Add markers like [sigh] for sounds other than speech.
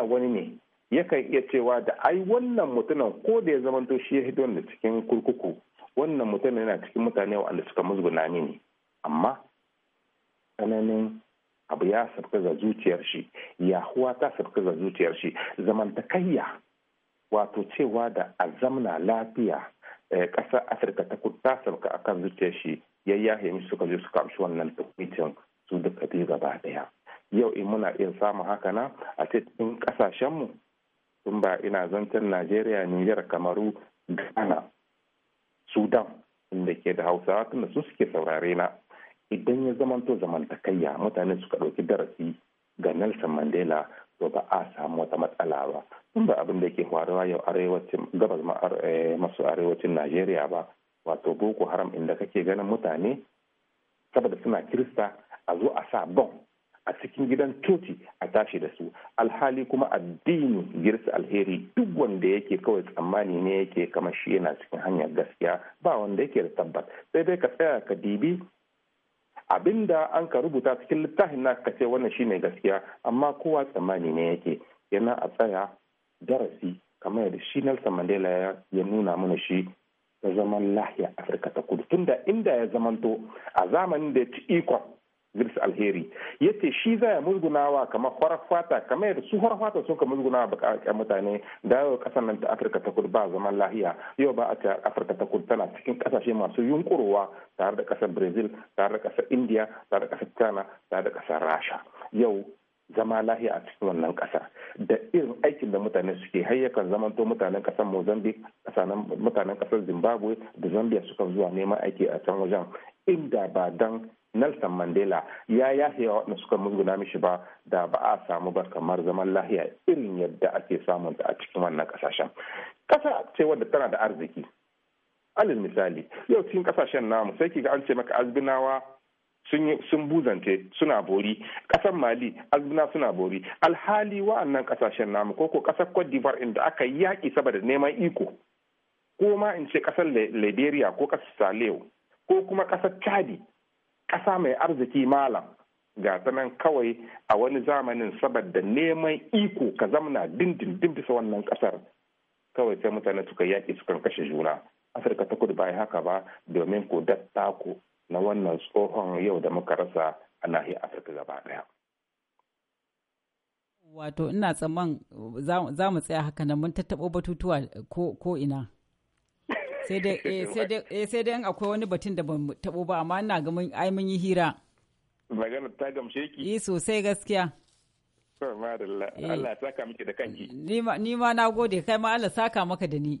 da wani ne yakan iya cewa da ai wannan mutumin ko da ya zamanto shi ya hito da cikin kurkuku wannan mutumin yana cikin mutane waɗanda suka musguna ne amma tsananin abu ya ga zuciyar shi yahuwa ta ga zuciyar shi zamantakayya wato cewa da azamna zamna lafiya eh, ƙasar afirka ta kudu ta sabka akan zuciyar shi ya yahe mishi suka zo suka amshi wannan tukwicin su duka biyu gaba daya yau in muna iya samun haka na united ɗin ƙasashenmu tun ba ina zancen najeriya niger kamaru ghana sudan inda ke da hausawa tunda su suke saurare na idan ya zamanto zamantakayya mutane suka ɗauki darasi ga nelson mandela to ba a samu wata matsala ba tun ba abin da ke faruwa yau arewacin gabas eh, masu arewacin najeriya ba wato boko haram inda kake ganin mutane saboda suna kirista a zo a sa bom a cikin gidan coci a tashi da su alhali kuma addinin girsa alheri duk wanda yake kawai tsammani ne yake kamar shi yana cikin hanyar gaskiya ba wanda yake da tabbat sai dai ka tsaya ka dibi abinda an ka rubuta cikin littafin na ka ce wannan shine gaskiya amma kowa tsammani ne yake yana a tsaya darasi kamar yadda shi Nelson Mandela ya nuna mana shi ta zaman lahiya Afirka ta kudu tunda inda ya zamanto a zamanin da ya ci ikon gris Alheri ya ce shi za zaya musgunawa kamar farafata fata kamar yadda su farar fata suka musgunawa bakakken mutane da yau kasar nan ta Afirka ta Kudu ba zaman lahiya yau ba a ta Afirka ta Kudu tana cikin kasashe masu yunkurowa tare da kasar Brazil tare da kasar India tare da kasar China tare da kasar Rasha yau zama lahiya a cikin wannan kasa da irin aikin da mutane suke hayyakan zamanto mutanen kasar mozambique mutanen kasar zimbabwe da zambia suka zuwa neman aiki a can wajen inda ba dan Nelson Mandela ya yahe waɗanda suka munguna mishi ba da ba a samu ba kamar zaman lahiya irin yadda ake samun a cikin wannan ƙasashen. Ƙasa ce wadda tana da arziki. Alin misali, yau cikin ƙasashen namu sai ki ga an ce maka azbinawa sun buzante suna bori ƙasar mali azbina suna bori alhali wa'annan ƙasashen namu ko ko ƙasar cote d'ivoire inda aka yi yaƙi saboda neman iko ko ma in ce ƙasar liberia ko ƙasar ko kuma ƙasar chadi ƙasa mai arziki malam ga nan kawai a wani zamanin saboda neman iko ka zamna dindindin bisa wannan ƙasar kawai sai mutane suka yaƙi sukan kashe juna afirka ta kudu bai haka ba domin ko dattako na wannan tsohon yau da muka rasa a nahiyar afirka gaba ɗaya. wato ina tsamman za mu tsaya haka nan mun tattaɓo batutuwa ko ina. sai dai [laughs] eh, sai dai eh, akwai wani batun da ban tabo ba amma ina ga mun ai mun yi hira magana ta gamshe ki eh sosai gaskiya eh. Allah saka miki da kanki ni ma na gode kai ma Allah saka maka da ni